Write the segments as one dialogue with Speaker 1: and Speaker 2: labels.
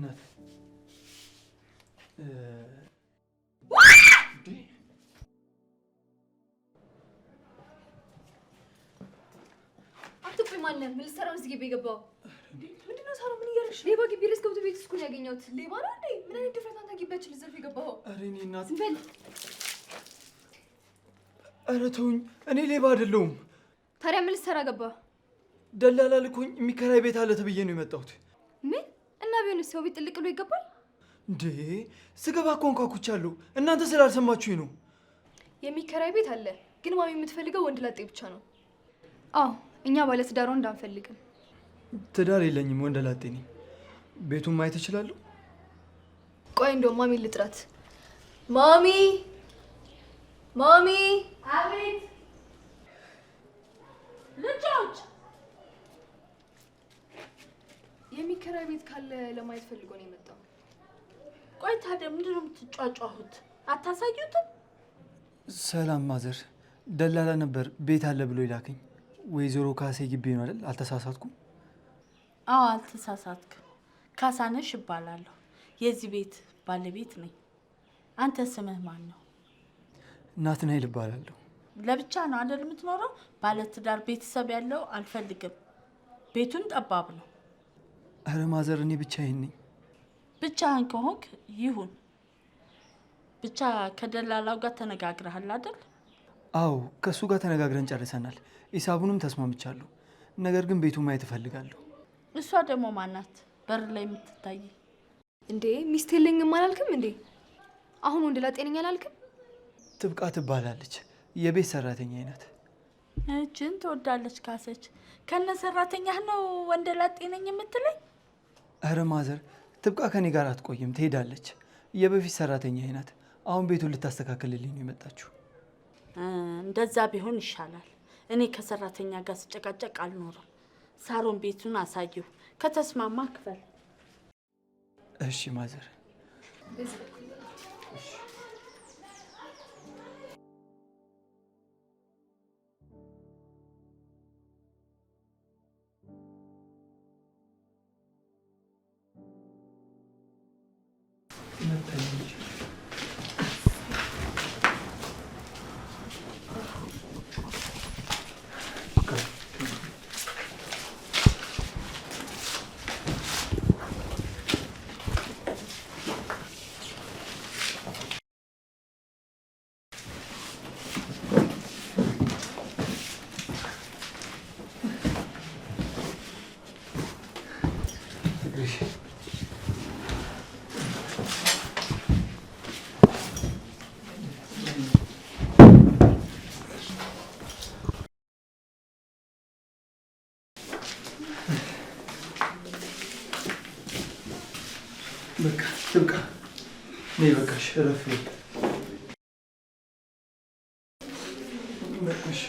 Speaker 1: እናት
Speaker 2: አትቁም አለ። ምን ልትሰራ ነው እዚህ ግቢ የገባው? ምንድን ነው ሳሮ? ምን እያደረግሽ? ሌባ ግቢ ድረስ ገብቶ ቤት እስኩል ያገኘሁት ሌባ ነው እንዴ? ምን አይነት ድፍረት አንተ ግቢያችን ልትዘርፍ የገባኸው? ኧረ እኔ እናት በል።
Speaker 1: ኧረ ተውኝ፣ እኔ ሌባ አይደለሁም።
Speaker 2: ታዲያ ምን ልትሰራ ገባ?
Speaker 1: ደላላ ልኮኝ የሚከራይ ቤት አለ ተብዬ ነው የመጣሁት።
Speaker 2: ምን ቢሆን ሰው ቤት ጥልቅ ብሎ ይገባል
Speaker 1: እንዴ? ስገባ እኮ አንኳኩቻለሁ። እናንተ ስላልሰማችሁኝ ነው።
Speaker 2: የሚከራይ ቤት አለ፣ ግን ማሚ የምትፈልገው ወንድ ላጤ ብቻ ነው። አዎ እኛ ባለ ትዳር ወንድ አንፈልግም።
Speaker 1: ትዳር የለኝም፣ ወንድ ላጤ ነኝ። ቤቱን ማየት እችላለሁ?
Speaker 2: ቆይ እንደው ማሚ ልጥራት። ማሚ ማሚ!
Speaker 3: አቤት ልጆች
Speaker 2: የሚከራይ ቤት ካለ ለማየት ፈልጎ ነው የመጣው።
Speaker 3: ቆይ ታዲያ ምንድን ነው የምትጫጫሁት? አታሳዩትም?
Speaker 1: ሰላም ማዘር፣ ደላላ ነበር ቤት አለ ብሎ ይላከኝ። ወይዘሮ ካሴ ግቢ ነው አይደል? አልተሳሳትኩም?
Speaker 3: አዎ አልተሳሳትክም። ካሳነሽ እባላለሁ። የዚህ ቤት ባለቤት ነኝ። አንተ ስምህ ማን ነው?
Speaker 1: ናትናኤል እባላለሁ።
Speaker 3: ለብቻ ነው አደል የምትኖረው? ባለትዳር ቤተሰብ ያለው አልፈልግም። ቤቱን ጠባብ ነው።
Speaker 1: አረ ማዘር፣ እኔ ብቻዬን ነኝ።
Speaker 3: ብቻህን ከሆንክ ይሁን። ብቻ ከደላላው ጋር ተነጋግረሃል አይደል?
Speaker 1: አዎ፣ ከእሱ ጋር ተነጋግረን ጨርሰናል። ሂሳቡንም ተስማምቻለሁ። ነገር ግን ቤቱ ማየት እፈልጋለሁ።
Speaker 3: እሷ ደግሞ ማናት? በር ላይ የምትታይ
Speaker 2: እንዴ? ሚስት የለኝም አላልክም እንዴ? አሁን ወንድ ላጤነኝ አላልክም?
Speaker 1: ትብቃ ትባላለች። የቤት ሰራተኛ አይነት
Speaker 3: እችን ትወዳለች ካሰች። ከነ ሰራተኛህ ነው ወንድ ላጤነኝ የምትለኝ?
Speaker 1: እረ ማዘር ትብቃ ከኔ ጋር አትቆይም፣ ትሄዳለች። የበፊት ሰራተኛ አይነት አሁን ቤቱን ልታስተካክልልኝ ነው የመጣችሁ።
Speaker 3: እንደዛ ቢሆን ይሻላል። እኔ ከሰራተኛ ጋር ስጨቃጨቅ አልኖርም። ሳሮን ቤቱን አሳየሁ፣ ከተስማማ ክፈል።
Speaker 1: እሺ ማዘር። Thank you. በቃ ትብቃ ነይ፣ በቃሽ እረፍ። በቃሽ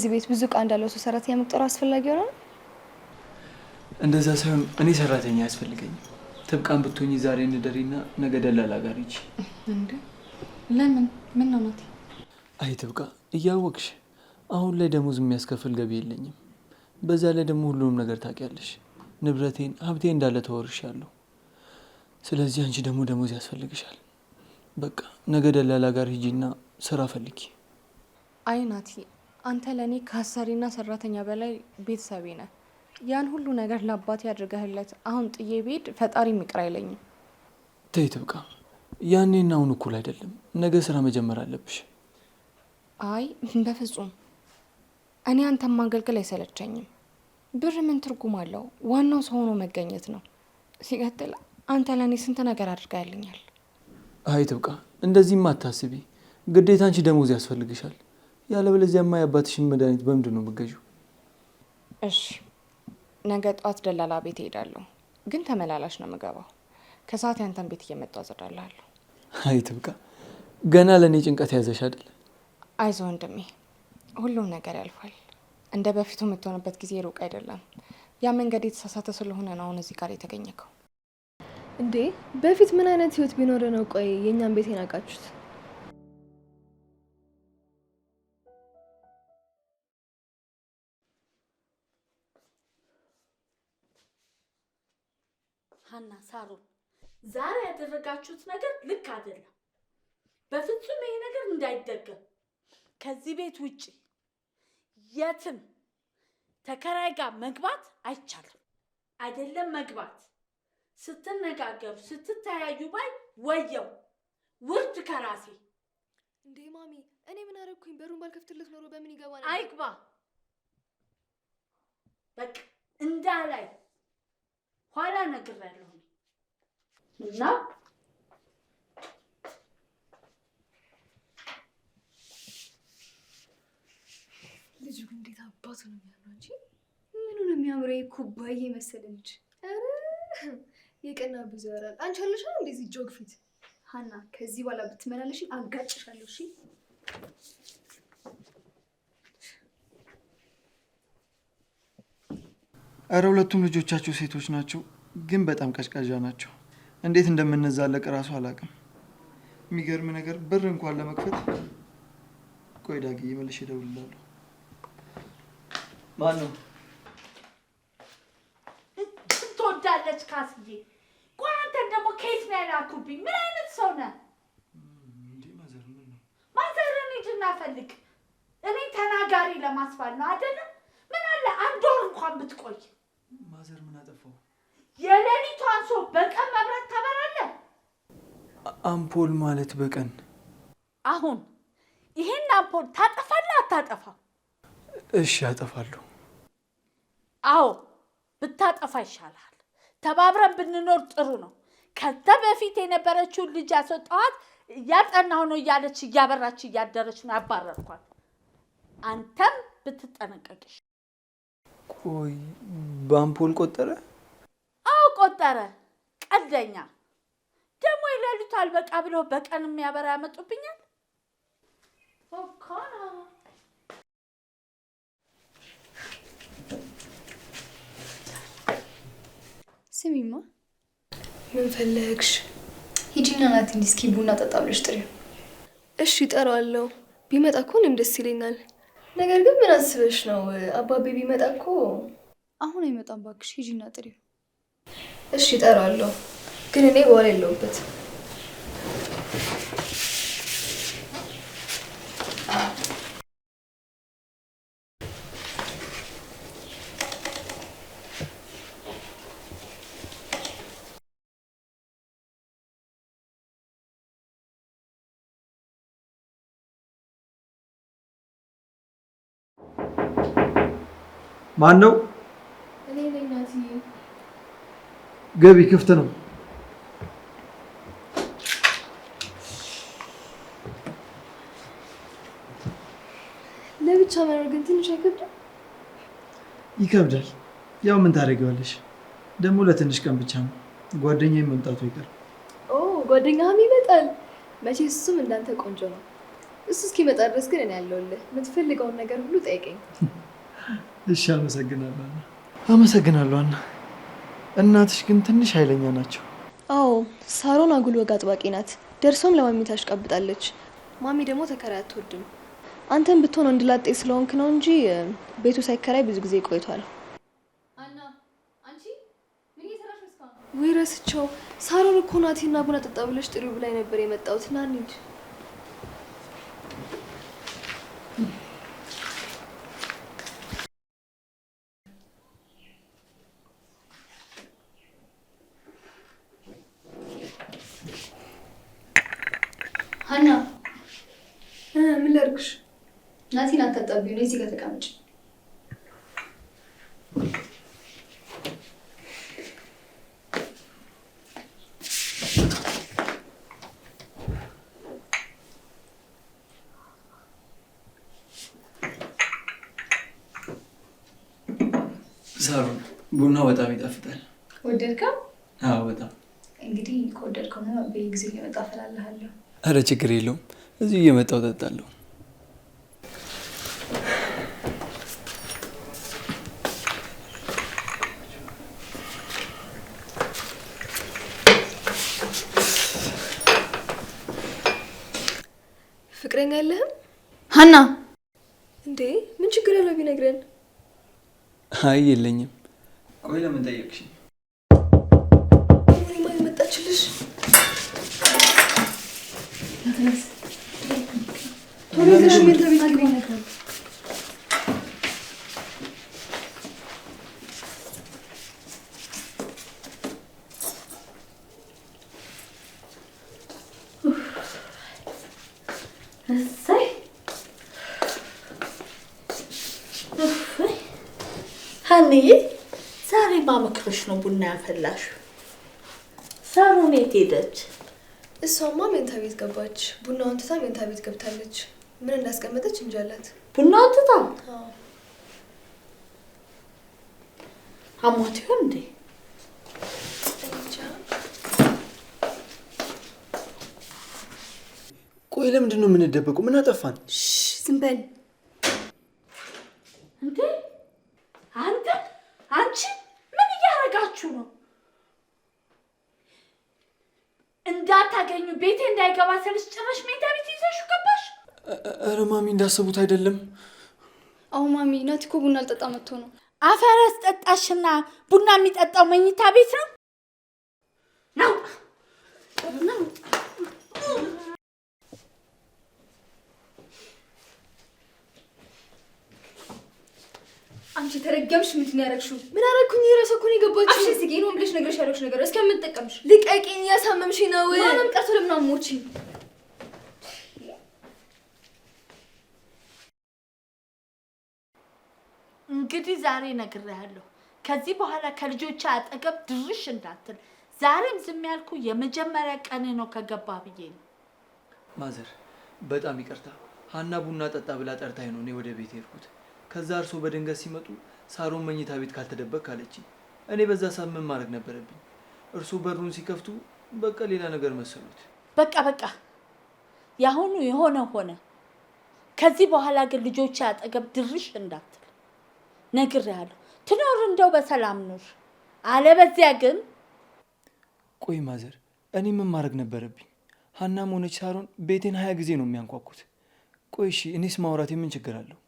Speaker 2: እዚህ ቤት ብዙ እቃ እንዳለው ሰው ሰራተኛ መቅጠሩ አስፈላጊ ሆኗል?
Speaker 1: እንደዛ ሳይሆን እኔ ሰራተኛ ያስፈልገኝ። ትብቃን ብትሆኝ ዛሬ እንደሪና ነገ ደላላ ጋር ይች።
Speaker 2: እንዴ ለምን? ምን ነው ናቲ?
Speaker 1: አይ ትብቃ፣ እያወቅሽ አሁን ላይ ደሞዝ የሚያስከፍል ገቢ የለኝም። በዛ ላይ ደግሞ ሁሉንም ነገር ታውቂያለሽ። ንብረቴን፣ ሀብቴ እንዳለ ተወርሻለሁ። ስለዚህ አንቺ ደግሞ ደሞዝ ያስፈልግሻል። በቃ ነገ ደላላ ጋር ሂጂና ስራ ፈልጊ።
Speaker 2: አይ ናቲ አንተ ለእኔ ከአሰሪና ሰራተኛ በላይ ቤተሰቤ ነህ። ያን ሁሉ ነገር ለአባቴ ያድርገህለት አሁን ጥዬ ብሄድ ፈጣሪ ይቅር አይለኝም።
Speaker 1: ተይ ትብቃ። ያኔና አሁን እኩል አይደለም። ነገ ስራ መጀመር አለብሽ።
Speaker 2: አይ በፍጹም እኔ አንተን ማገልገል አይሰለቸኝም። ብር ምን ትርጉም አለው? ዋናው ሰው ሆኖ መገኘት ነው። ሲቀጥል አንተ ለእኔ ስንት ነገር አድርጋልኛል።
Speaker 1: አይ ትብቃ፣ እንደዚህም አታስቢ። ግዴታ አንቺ ደሞዝ ያስፈልግሻል። ያለበለዚያማ የአባትሽን መድኃኒት በምንድን ነው የምገዥው?
Speaker 2: እሺ ነገ ጠዋት ደላላ ቤት እሄዳለሁ፣ ግን ተመላላሽ ነው የምገባው። ከሰዓት ያንተን ቤት እየመጣ አጸዳላለሁ።
Speaker 1: አይ ትብቃ፣ ገና ለእኔ ጭንቀት ያዘሽ አይደል?
Speaker 2: አይዞ ወንድሜ፣ ሁሉም ነገር ያልፋል። እንደ በፊቱ የምትሆንበት ጊዜ ሩቅ አይደለም። ያ መንገድ የተሳሳተ ስለሆነ ነው አሁን እዚህ ጋር የተገኘከው። እንዴ በፊት ምን አይነት ህይወት ቢኖር ነው? ቆይ የእኛን ቤት የናቃችሁት
Speaker 3: ሀና ሳሮን፣ ዛሬ ያደረጋችሁት ነገር ልክ አይደለም። በፍጹም ይሄ ነገር እንዳይደገም ከዚህ ቤት ውጭ የትም ተከራይ ጋር መግባት አይቻልም። አይደለም መግባት ስትነጋገሩ፣ ስትተያዩ ባይ ወየው ውርድ ከራሴ
Speaker 2: እንዴ! ማሚ እኔ ምን አደረግኩኝ? በሩን ባልከፍትለት ኖሮ በምን ይገባ?
Speaker 3: አይግባ በቃ እንዳላይ ኋላ እነግርሃለሁ እና
Speaker 2: ልጁ እንዴት አባቱ ነው የሚያምረው እንጂ ምኑ ነው የሚያምረው? ኩባዬ የመሰለ ልጅ የቀና ብዙ ያወራል። አንቺ አለሽ እንደዚህ ጆግ ፊት ሀና፣ ከዚህ በኋላ ብትመላለሽ አጋጭሻለሁ። እሺ
Speaker 1: እረ ሁለቱም ልጆቻቸው ሴቶች ናቸው፣ ግን በጣም ቀዥቃዣ ናቸው። እንዴት እንደምንዛለቅ እራሱ አላውቅም። የሚገርም ነገር ብር እንኳን ለመክፈት ቆይ ዳግዬ መልሼ እደውልልሃለሁ። ማን ነው
Speaker 3: ትወዳለች? ካስዬ ቆይ አንተን ደግሞ ከየት ነው ያላኩብኝ? ምን አይነት ሰው ነህ? ማዘርን ሂድና ፈልግ። እኔ ተናጋሪ ለማስባል ነው አይደለም? ምን አለ አንድ ወር እንኳን ብትቆይ
Speaker 1: ማዘር ምን አጠፋው?
Speaker 3: የሌሊቷን ሰው በቀን መብራት ታበራለ።
Speaker 1: አምፖል ማለት በቀን
Speaker 3: አሁን ይህን አምፖል ታጠፋለህ አታጠፋም?
Speaker 1: እሺ አጠፋለሁ።
Speaker 3: አዎ ብታጠፋ ይሻላል። ተባብረን ብንኖር ጥሩ ነው። ከዛ በፊት የነበረችውን ልጅ ያስወጣኋት እያጠናሁ ነው እያለች እያበራች እያደረች ነው ያባረርኳት። አንተም ብትጠነቀቅሽ።
Speaker 1: ቆይ በአምፖል ቆጠረ?
Speaker 3: አዎ ቆጠረ። ቀደኛ ደግሞ ይለሉት አልበቃ ብለው በቀን የሚያበራ ያመጡብኛል።
Speaker 2: ስሚማ፣
Speaker 4: ምን ፈለግሽ? ሂጂና ናት እስኪ ቡና ጠጣ ብለሽ ጥሪ።
Speaker 2: እሺ እጠራዋለሁ። ቢመጣ እኮ እኔም ደስ ይለኛል።
Speaker 4: ነገር ግን ምን አስበሽ ነው? አባቤ ቢመጣ እኮ
Speaker 2: አሁን አይመጣም ባክሽ፣ ሂጂና ጥሪው።
Speaker 4: እሺ እጠራለሁ፣ ግን እኔ በኋላ የለውበት
Speaker 1: ማን ነው? ገቢ ክፍት ነው።
Speaker 2: ለብቻ መኖር ግን ትንሽ አይከብድም?
Speaker 1: ይከብዳል። ያው ምን ታደርጊዋለሽ? ደግሞ ለትንሽ ቀን ብቻ ነው። ጓደኛ መምጣቱ ይቀር።
Speaker 2: ኦ ጓደኛህም ይመጣል። መቼ እሱም እንዳንተ ቆንጆ ነው። እሱ እስኪመጣ ድረስ ግን እኔ ያለሁልህ። የምትፈልገውን ነገር ሁሉ ጠይቀኝ።
Speaker 1: እሺ። አመሰግናለሁ። አመሰግናለሁ አና እናትሽ ግን ትንሽ ኃይለኛ ናቸው።
Speaker 2: አዎ ሳሮን አጉል ወግ አጥባቂ ናት። ደርሶም ለማሚ ታሽቀብጣለች። ማሚ ደግሞ ተከራይ አትወድም። አንተም ብትሆን ወንድ ላጤ ስለሆንክ ነው እንጂ ቤቱ ሳይከራይ ብዙ ጊዜ ቆይቷል። ወይ ረስቸው። ሳሮን እኮ ቡና ጠጣ ብለሽ ጥሪው ብላይ ነበር የመጣሁት። ና እንሂድ አታሳቢው ነው። እዚህ ጋር ተቀመጭ።
Speaker 1: ሳሩ ቡና በጣም ይጣፍጣል። ወደድከው? አዎ በጣም
Speaker 2: እንግዲህ ከወደድከው በየጊዜው እየመጣ እፈላልሃለሁ።
Speaker 1: አረ ችግር የለውም እዚሁ እየመጣው እጠጣለሁ።
Speaker 3: ሀና
Speaker 2: እንዴ ምን ችግር ያለው ቢነግረን?
Speaker 1: አይ የለኝም። ቆይ ለምን ጠየቅሽ?
Speaker 2: መጣችልሽ ቶሎ
Speaker 3: አድርገሽ ነው ቡና ያፈላሽ ሳሮን የት ሄደች?
Speaker 2: እሷማ ሜንታ ቤት ገባች። ቡናውን ትታ ሜንታ ቤት ገብታለች። ምን እንዳስቀመጠች እንጂ
Speaker 3: ቡናውን ትታ አሟት ይሆን እንዴ?
Speaker 1: ቆይ ለምንድን ነው የምንደበቁ? ምን አጠፋን?
Speaker 2: ዝም በል
Speaker 3: ሳላገኙ ቤቴ እንዳይገባ ስልሽ ጭራሽ መኝታ ቤት ይዘሽው ገባሽ።
Speaker 1: ኧረ ማሚ እንዳሰቡት አይደለም።
Speaker 2: አሁ ማሚ ናቲ እኮ ቡና ልጠጣ መጥቶ ነው።
Speaker 3: አፈረስ ጠጣሽና ቡና የሚጠጣው መኝታ ቤት ነው ነው ቡና
Speaker 2: ከተረገምሽ ምንድን ነው ያደረግሽው? ምን አደረግኩኝ? የራሷ እኮ ነው የገባችው። አፍሽን ዝጊ ነው ብለሽ ነገርሽ ያደረግሽ ነገር እስከምጠቀምሽ ልቀቂኝ። ያሳመምሽ ነው ማንም ቀርቶ ለምን አሞች
Speaker 3: እንግዲህ ዛሬ ነግሬሃለሁ። ከዚህ በኋላ ከልጆች አጠገብ ድርሽ እንዳትል። ዛሬም ዝም ያልኩ የመጀመሪያ ቀን ነው ከገባ ብዬ ነው።
Speaker 1: ማዘር በጣም ይቅርታ። ሀና ቡና ጠጣ ብላ ጠርታኝ ነው እኔ ወደ ቤት የሄድኩት። ከዛ እርሶ በድንገት ሲመጡ ሳሮን መኝታ ቤት ካልተደበቅ ካለችኝ፣ እኔ በዛ ሰዓት ምን ማድረግ ነበረብኝ? እርሶ በሩን ሲከፍቱ በቃ ሌላ ነገር መሰሉት።
Speaker 3: በቃ በቃ፣ ያሁኑ የሆነ ሆነ። ከዚህ በኋላ ግን ልጆች አጠገብ ድርሽ እንዳትል ነግሬሃለሁ። ትኖር እንደው በሰላም ኑር፣ አለበዚያ ግን
Speaker 1: ቆይ ማዘር፣ እኔ ምን ማድረግ ነበረብኝ? ሀናም ሆነች ሳሮን ቤቴን ሀያ ጊዜ ነው የሚያንኳኩት። ቆይ እሺ፣ እኔስ ማውራት የምን ችግር አለው?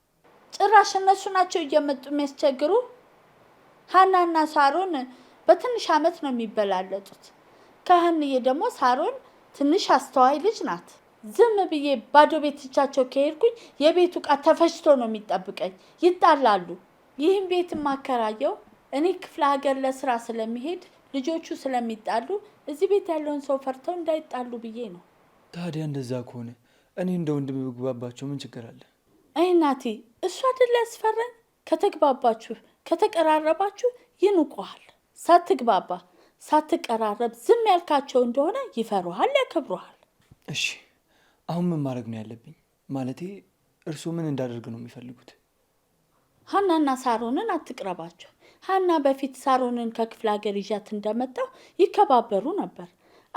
Speaker 3: ጭራሽ እነሱ ናቸው እየመጡ የሚያስቸግሩ። ሀናና ሳሮን በትንሽ አመት ነው የሚበላለጡት። ከሀንዬ ደግሞ ሳሮን ትንሽ አስተዋይ ልጅ ናት። ዝም ብዬ ባዶ ቤትቻቸው ከሄድኩኝ የቤቱ ዕቃ ተፈጭቶ ነው የሚጠብቀኝ። ይጣላሉ። ይህም ቤት የማከራየው እኔ ክፍለ ሀገር ለስራ ስለሚሄድ ልጆቹ ስለሚጣሉ እዚህ ቤት ያለውን ሰው ፈርተው እንዳይጣሉ ብዬ ነው።
Speaker 1: ታዲያ እንደዛ ከሆነ እኔ እንደ ወንድም ብግባባቸው ምን ችግር አለ?
Speaker 3: አይ ናቲ እሱ አይደል ያስፈረን። ከተግባባችሁ፣ ከተቀራረባችሁ ይንቁሃል። ሳትግባባ ሳትቀራረብ ዝም ያልካቸው እንደሆነ ይፈሩሃል፣ ያከብሩሃል።
Speaker 1: እሺ አሁን ምን ማድረግ ነው ያለብኝ? ማለቴ እርሱ ምን እንዳደርግ ነው የሚፈልጉት?
Speaker 3: ሀናና ሳሮንን አትቅረባቸው። ሀና በፊት ሳሮንን ከክፍለ ሀገር ይዣት እንደመጣው ይከባበሩ ነበር።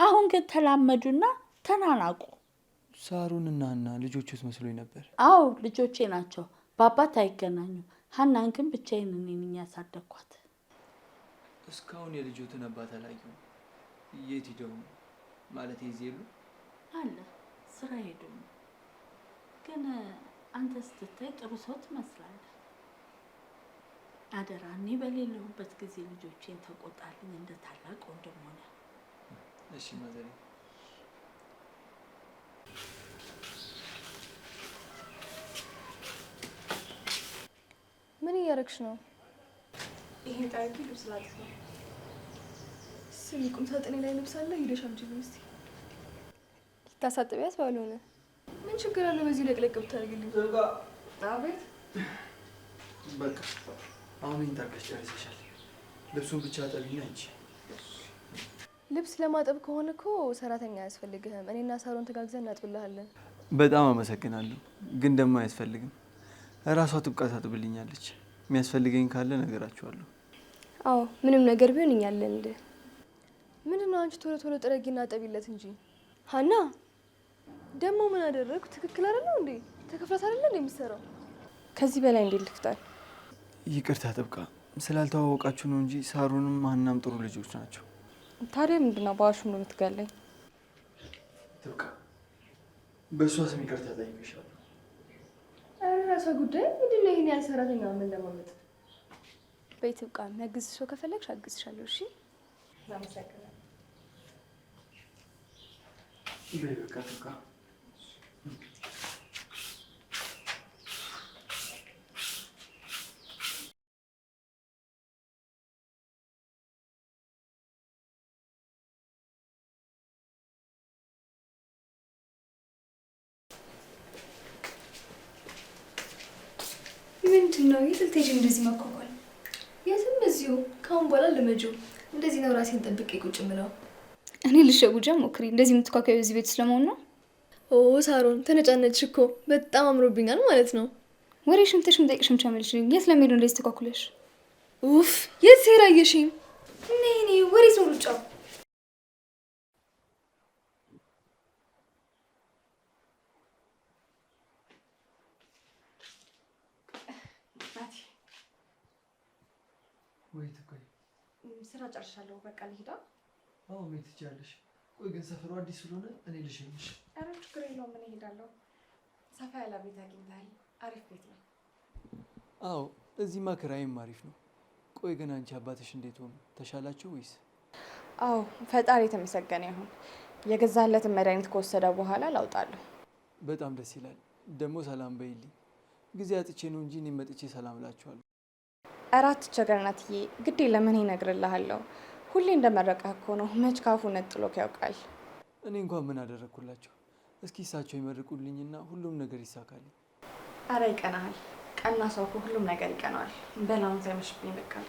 Speaker 3: አሁን ግን ተላመዱና ተናናቁ።
Speaker 1: ሳሮንና ልጆች ልጆቹስ መስሎኝ ነበር።
Speaker 3: አዎ ልጆቼ ናቸው። በአባት አይገናኙም። ሀናን ግን ብቻዬን እኔ ነኝ ያሳደግኳት።
Speaker 1: እስካሁን የልጆትን አባት አላየሁም። የት ሄደው ነው ማለት ይዜ የሉ
Speaker 3: አለ ስራ ሄዱ ነው። ግን አንተ ስትታይ ጥሩ ሰው ትመስላለህ። አደራ እኔ በሌለሁበት ጊዜ ልጆቼን ተቆጣልኝ እንደ ታላቅ ወንድም ሆነ።
Speaker 1: እሺ ማዘሬ
Speaker 2: ምን እያረግሽ ነው? ይሄን ጣቂ ልብስ ላጥፍ ነው። ስሚ፣ ቁም ሳጥኔ ላይ ልብስ አለ። ሂደሽ አምጪልኝ እስኪ። ልታሳጥቢያት ባልሆነ ምን ችግር አለ? በዚህ ለቅለቅ ብታደርግልኝ። አቤት።
Speaker 1: በቃ አሁን ይሄን ታርቀሽ ጨርሰሻል። ልብሱን ብቻ አጠቢና እንጂ
Speaker 2: ልብስ ለማጠብ ከሆነ እኮ ሰራተኛ አያስፈልግህም። እኔና ሳሮን ተጋግዘን እናጥብልሃለን።
Speaker 1: በጣም አመሰግናለሁ፣ ግን ደግሞ አያስፈልግም። እራሷ ጥብቃ ታጥብልኛለች። የሚያስፈልገኝ ካለ ነገራችኋለሁ።
Speaker 2: አዎ ምንም ነገር ቢሆን እኛለን። እንደ ምንድን ነው አንቺ ቶሎ ቶሎ ጥረጊና ጠቢለት እንጂ ሀና። ደግሞ ምን አደረግኩ? ትክክል አይደለም እንዴ? ተከፍላት አይደለም እንዴ የምትሰራው? ከዚህ በላይ እንዴት ልፍጣል?
Speaker 1: ይቅርታ ጥብቃ፣ ስላልተዋወቃችሁ ነው እንጂ ሳሩንም ሀናም ጥሩ ልጆች ናቸው።
Speaker 2: ታዲያ ምንድነው ነው በዋሹም ነው የምትጋለኝ?
Speaker 1: ጥብቃ፣ በእሷ ስም ይቅርታ ጠይቅሻል
Speaker 2: የራሷ ጉዳይ። ምንድን ነው ይሄን ያህል ሰራተኛ ምን ለማመጥ? ቤት እቃ የሚያግዝሽው ከፈለግሽ አግዝሻለሁ። እሺ አመሰግናለሁ። ልጁ እንደዚህ ነው ራሴን ጠብቄ ቁጭ ምለው። እኔ ልሸጉጃ ሞክሪ። እንደዚህ የምትኳካዩ እዚህ ቤት ስለመሆን ነው። ኦ ሳሮን ተነጫነች እኮ በጣም አምሮብኛል ማለት ነው። ወሬ ሽምተሽ ምጠቅ ሽምቻ የት ለሚሄዱ እንደዚህ ተኳኩለሽ? ኡፍ የት ሴራ አየሽኝ? እኔ ወሬ ዞሩጫው ስራ ጨርሻለሁ። በቃ ልሂዳ።
Speaker 1: አዎ መሄድ ትችያለሽ። ቆይ ግን ሰፈሩ አዲስ ስለሆነ እኔ ልሸኝሽ።
Speaker 2: ኧረ ችግር የለውም ምን እሄዳለሁ። ሰፋ ያለ ቤት አግኝተሃል። አሪፍ ቤት ነው።
Speaker 1: አዎ እዚህማ ክራይም አሪፍ ነው። ቆይ ግን አንቺ አባትሽ እንዴት ሆኑ? ተሻላችሁ ወይስ?
Speaker 2: አዎ ፈጣሪ የተመሰገነ ይሁን። የገዛለትን መድኃኒት ከወሰደ በኋላ ላውጣለሁ።
Speaker 1: በጣም ደስ ይላል። ደግሞ ሰላም በይልኝ። ጊዜ አጥቼ ነው እንጂ እኔ መጥቼ ሰላም እላችኋለሁ።
Speaker 2: አራት ቸገር ናትዬ ግዴ ለምን ይነግርልሃለሁ። ሁሌ እንደመረቀ እኮ ነው። መች ካፉ ነጥሎክ ያውቃል።
Speaker 1: እኔ እንኳን ምን አደረግኩላቸው? እስኪ እሳቸው ይመርቁልኝና ሁሉም ነገር ይሳካል።
Speaker 2: አረ ይቀናሃል። ቀና ሰው እኮ ሁሉም ነገር ይቀናዋል። በላውን ሳይመሽብኝ ይበቃል።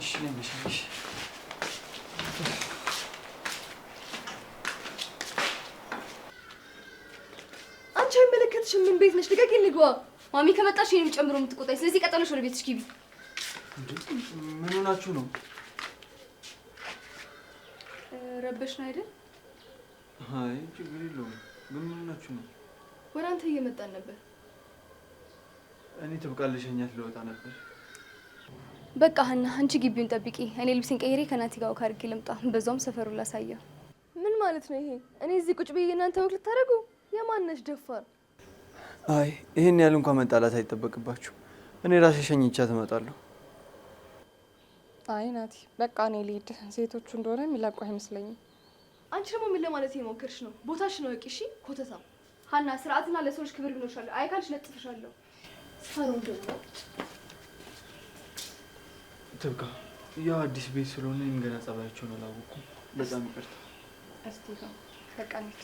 Speaker 2: እሺ ነሽ አንቺ አይመለከትሽም። ምን ቤት ነሽ? ልቀቂኝ ልግባ። ማሚ ከመጣሽ ይህንም ጨምሮ የምትቆጣኝ። ስለዚህ ቀጠለሽ ወደ ቤትሽ ግቢ።
Speaker 1: ምን ሆናችሁ ነው?
Speaker 2: ረበሽ ነው አይደል?
Speaker 1: አይ ችግር የለውም። ምን ሆናችሁ ነው?
Speaker 2: ወደ አንተ እየመጣን ነበር።
Speaker 1: እኔ ትብቃልሸኛት ልወጣ ነበር።
Speaker 2: በቃ ሀና አንቺ ግቢውን ጠብቂ፣ እኔ ልብሴን ቀይሬ ከናቲ ጋር ካርጌ ልምጣ። በዛውም ሰፈሩ ላሳየው። ምን ማለት ነው ይሄ? እኔ እዚህ ቁጭ ብዬ እናንተ ወቅ ልታደርጉ? የማነሽ ደፋር?
Speaker 1: አይ ይሄን ያህል እንኳን መጣላት አይጠበቅባችሁ። እኔ ራሴ ሸኝቻ ትመጣለሁ።
Speaker 2: አይ ናቲ፣ በቃ እኔ ልሂድ። ሴቶቹ እንደሆነ የሚለቁ አይመስለኝም። አንቺ ደግሞ ምን ለማለት የሞከርሽ ነው? ቦታሽ ነው እቂ። እሺ ኮተታ ሀና፣ ስርዓትና ለሰዎች ክብር ቢኖርሻል። አይ ካልሽ ለጥፍሻለሁ። ፈሮ ደግሞ
Speaker 1: ትብቃ። ያ አዲስ ቤት ስለሆነ ገና ጸባያቸውን አላወኩም። በጣም ይቅርታ።
Speaker 2: እስቲ በቃ እንሂድ።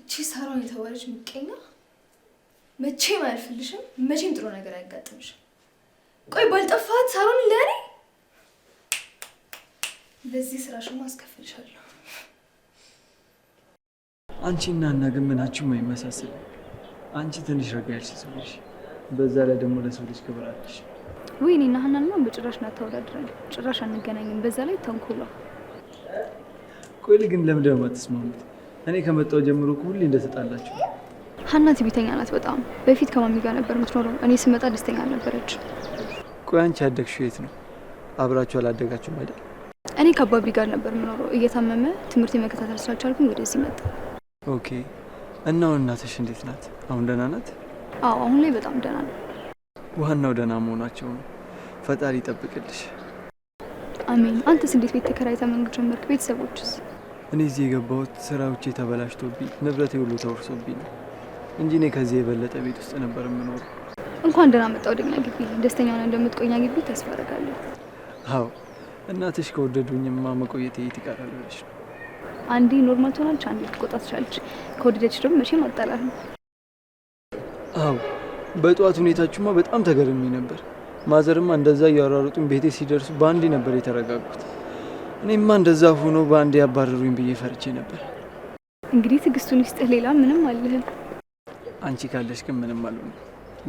Speaker 2: እቺ ሳሮን የተባለች ምቀኛ መቼም አያልፍልሽም። መቼም ጥሩ ነገር አያጋጥምሽም። ቆይ ባልጠፋት ሳሮን ለእኔ ለዚህ ስራሽማ አስከፍልሻለሁ።
Speaker 1: አንቺ እና እና ግን ምናችሁም የማይመሳሰል አንቺ ትንሽ ረጋ ያልሽ ሰው ነሽ። በዛ ላይ ደግሞ ለሰው ልጅ ክብር አለሽ።
Speaker 2: ውይ እኔና ሀናንማ በጭራሽ እናታወዳድራለን። ጭራሽ አንገናኝም። በዛ ላይ ተንኮሏ።
Speaker 1: ቆይ ግን ለምንድን ነው እኔ ከመጣሁ ጀምሮ ሁሌ እንደተጣላችሁ
Speaker 2: ሀና ትዕቢተኛ ናት በጣም። በፊት ከማሚ ጋር ነበር የምትኖረው። እኔ ስመጣ ደስተኛ አልነበረች።
Speaker 1: ቆይ አንቺ ያደግሽው የት ነው? አብራችሁ አላደጋችሁ አይደል?
Speaker 2: እኔ ከአባቢ ጋር ነበር የምኖረው። እየታመመ ትምህርት የመከታተል ስላልቻልኩኝ ወደዚህ መጣ።
Speaker 1: ኦኬ። እና አሁን እናትሽ እንዴት ናት? አሁን ደህና ናት?
Speaker 2: አዎ፣ አሁን ላይ በጣም ደህና ነው።
Speaker 1: ዋናው ደህና መሆናቸው ነው። ፈጣሪ ይጠብቅልሽ።
Speaker 2: አሜን። አንተስ እንዴት ቤት ተከራይ ተመንግ ጀመርክ? ቤተሰቦችስ?
Speaker 1: እኔ እዚህ የገባሁት ስራዎቼ ተበላሽቶብኝ ንብረቴ ሁሉ ተወርሶብኝ ነው። እንጂ እኔ ከዚህ የበለጠ ቤት ውስጥ ነበር የምኖረው።
Speaker 2: እንኳን ደህና መጣ ወደኛ ግቢ። ደስተኛ ሆነ እንደምትቆኛ ግቢ ተስፋ አደርጋለሁ።
Speaker 1: አዎ እናትሽ ከወደዱኝማ መቆየት የት ይቀራል ብለሽ ነው።
Speaker 2: አንዴ ኖርማል ትሆናለች፣ አንዴ ትቆጣ ትችላለች። ከወደደች ደግሞ መቼም አጣላትም።
Speaker 1: አዎ በጠዋት ሁኔታችሁማ በጣም ተገርሚ ነበር። ማዘርማ እንደዛ እያሯሩጡኝ ቤቴ ሲደርሱ በአንዴ ነበር የተረጋጉት። እኔማ እንደዛ ሆኖ በአንዴ ያባረሩኝ ብዬ ፈርቼ ነበር።
Speaker 2: እንግዲህ ትዕግስቱን ይስጥህ። ሌላ ምንም አለህም።
Speaker 1: አንቺ ካለሽ ግን ምንም አልሆነ።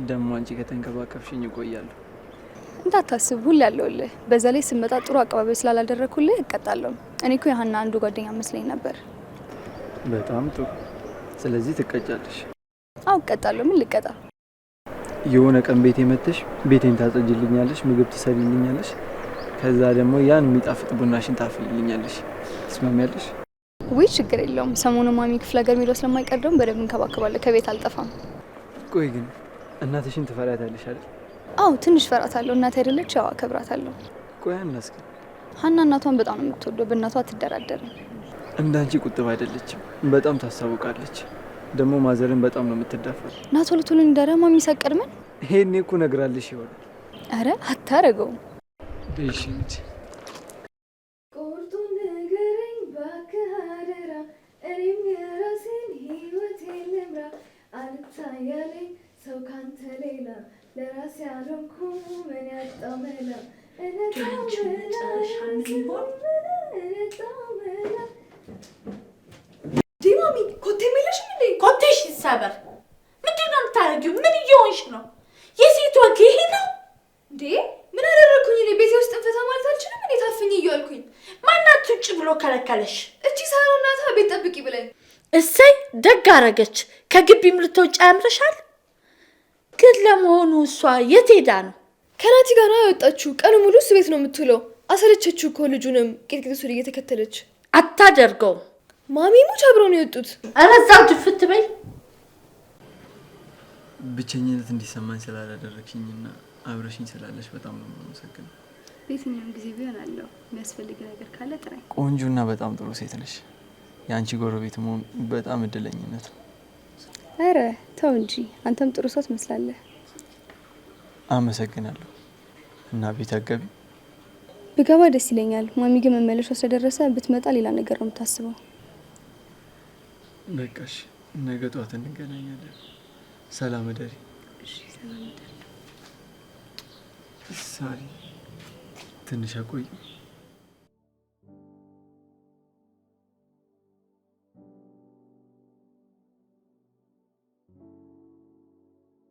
Speaker 1: ደግሞ አንቺ ከተንከባከብሽኝ እቆያለሁ።
Speaker 2: እንዳታስብ፣ ሁሌ አለሁልህ። በዛ ላይ ስመጣ ጥሩ አቀባበል ስላላደረግኩልህ እቀጣለሁ። እኔ እኮ የሀና አንዱ ጓደኛ መስለኝ ነበር።
Speaker 1: በጣም ጥሩ። ስለዚህ ትቀጫለሽ?
Speaker 2: አዎ እቀጣለሁ። ምን ልቀጣ?
Speaker 1: የሆነ ቀን ቤቴ መጥተሽ ቤቴን ታጸጅልኛለሽ፣ ምግብ ትሰሪልኛለሽ፣ ከዛ ደግሞ ያን የሚጣፍጥ ቡናሽን ታፍልልኛለሽ። ትስማሚያለሽ?
Speaker 2: ውይ ችግር የለውም። ሰሞኑ ማሚ ክፍለ ሀገር የሚለው ስለማይቀር ደግሞ በደንብ እንከባከባለሁ። ከቤት አልጠፋም።
Speaker 1: ቆይ ግን እናትሽን ትፈሪያታለሽ አይደል?
Speaker 2: አዎ ትንሽ ፈራታለሁ። እናት አይደለች? ያው አከብራታለሁ። ቆይ አናስክ ሀና እናቷን በጣም ነው የምትወደው። በእናቷ አትደራደርም።
Speaker 1: እንዳንቺ ቁጥብ አይደለችም። በጣም ታሳውቃለች። ደግሞ ማዘርን በጣም ነው የምትዳፈር።
Speaker 2: ና ቶሎ ቶሎ እንዳረ ማሚ ሳቀድመን
Speaker 1: ይሄኔ እኮ ነግራልሽ ይሆናል።
Speaker 2: አረ አታረገውም።
Speaker 1: እሺ እንጂ አልታያሌ ሰው ካንተ
Speaker 2: ሌላ ለራሴ አልሆንኩ ምን ያጣው መላ ዲማሚ ኮቴ የሚለሽ እንዴ?
Speaker 3: ኮቴሽ ይሰበር። ምንድን ነው የምታረጊው? ምን እየሆንሽ ነው? የሴት ወግ ይሄ ነው
Speaker 2: እንዴ? ምን አደረግኩኝ እኔ? ቤቴ ውስጥ እንፈታ ማለት አልችልም? እኔ ታፍኝ እያልኩኝ ማናት ውጭ ብሎ ከለከለሽ? እቺ ሳሮ እናታ ቤት ጠብቂ ብለኝ
Speaker 3: እሰይ ደግ አረገች። ከግቢም ልትወጪ ያምርሻል። ግን ለመሆኑ እሷ የት ሄዳ ነው?
Speaker 2: ከናቲ ጋር ነው ያወጣችሁ። ቀኑ ሙሉ እሱ ቤት ነው የምትውለው። አሰለቸችው እኮ ልጁንም ቄጥቄጡን እየተከተለች
Speaker 3: አታደርገውም።
Speaker 2: ማሚሞች አብረው ነው የወጡት።
Speaker 3: ኧረ እዛው ድፍት በይ።
Speaker 1: ብቸኝነት እንዲሰማኝ ስላላደረግሽኝና አብረሽኝ ስላለሽ በጣም ነው የማመሰግነው።
Speaker 2: የትኛውም ጊዜ ቢሆን አለው የሚያስፈልግ ነገር ካለ ጥራኝ።
Speaker 1: ቆንጆና በጣም ጥሩ ሴት ነሽ። የአንቺ ጎረቤት መሆን በጣም እድለኝነት ነው።
Speaker 2: አረ ተው እንጂ አንተም ጥሩ ሰው ትመስላለህ።
Speaker 1: አመሰግናለሁ። እና ቤት አገቢ
Speaker 2: ብገባ ደስ ይለኛል። ማሚ ግን መመለሻ ስለደረሰ ብትመጣ ሌላ ነገር ነው የምታስበው።
Speaker 1: በቃሽ፣ ነገ ጧት እንገናኛለን። ሰላም እደሪ ሳሪ። ትንሽ አቆይ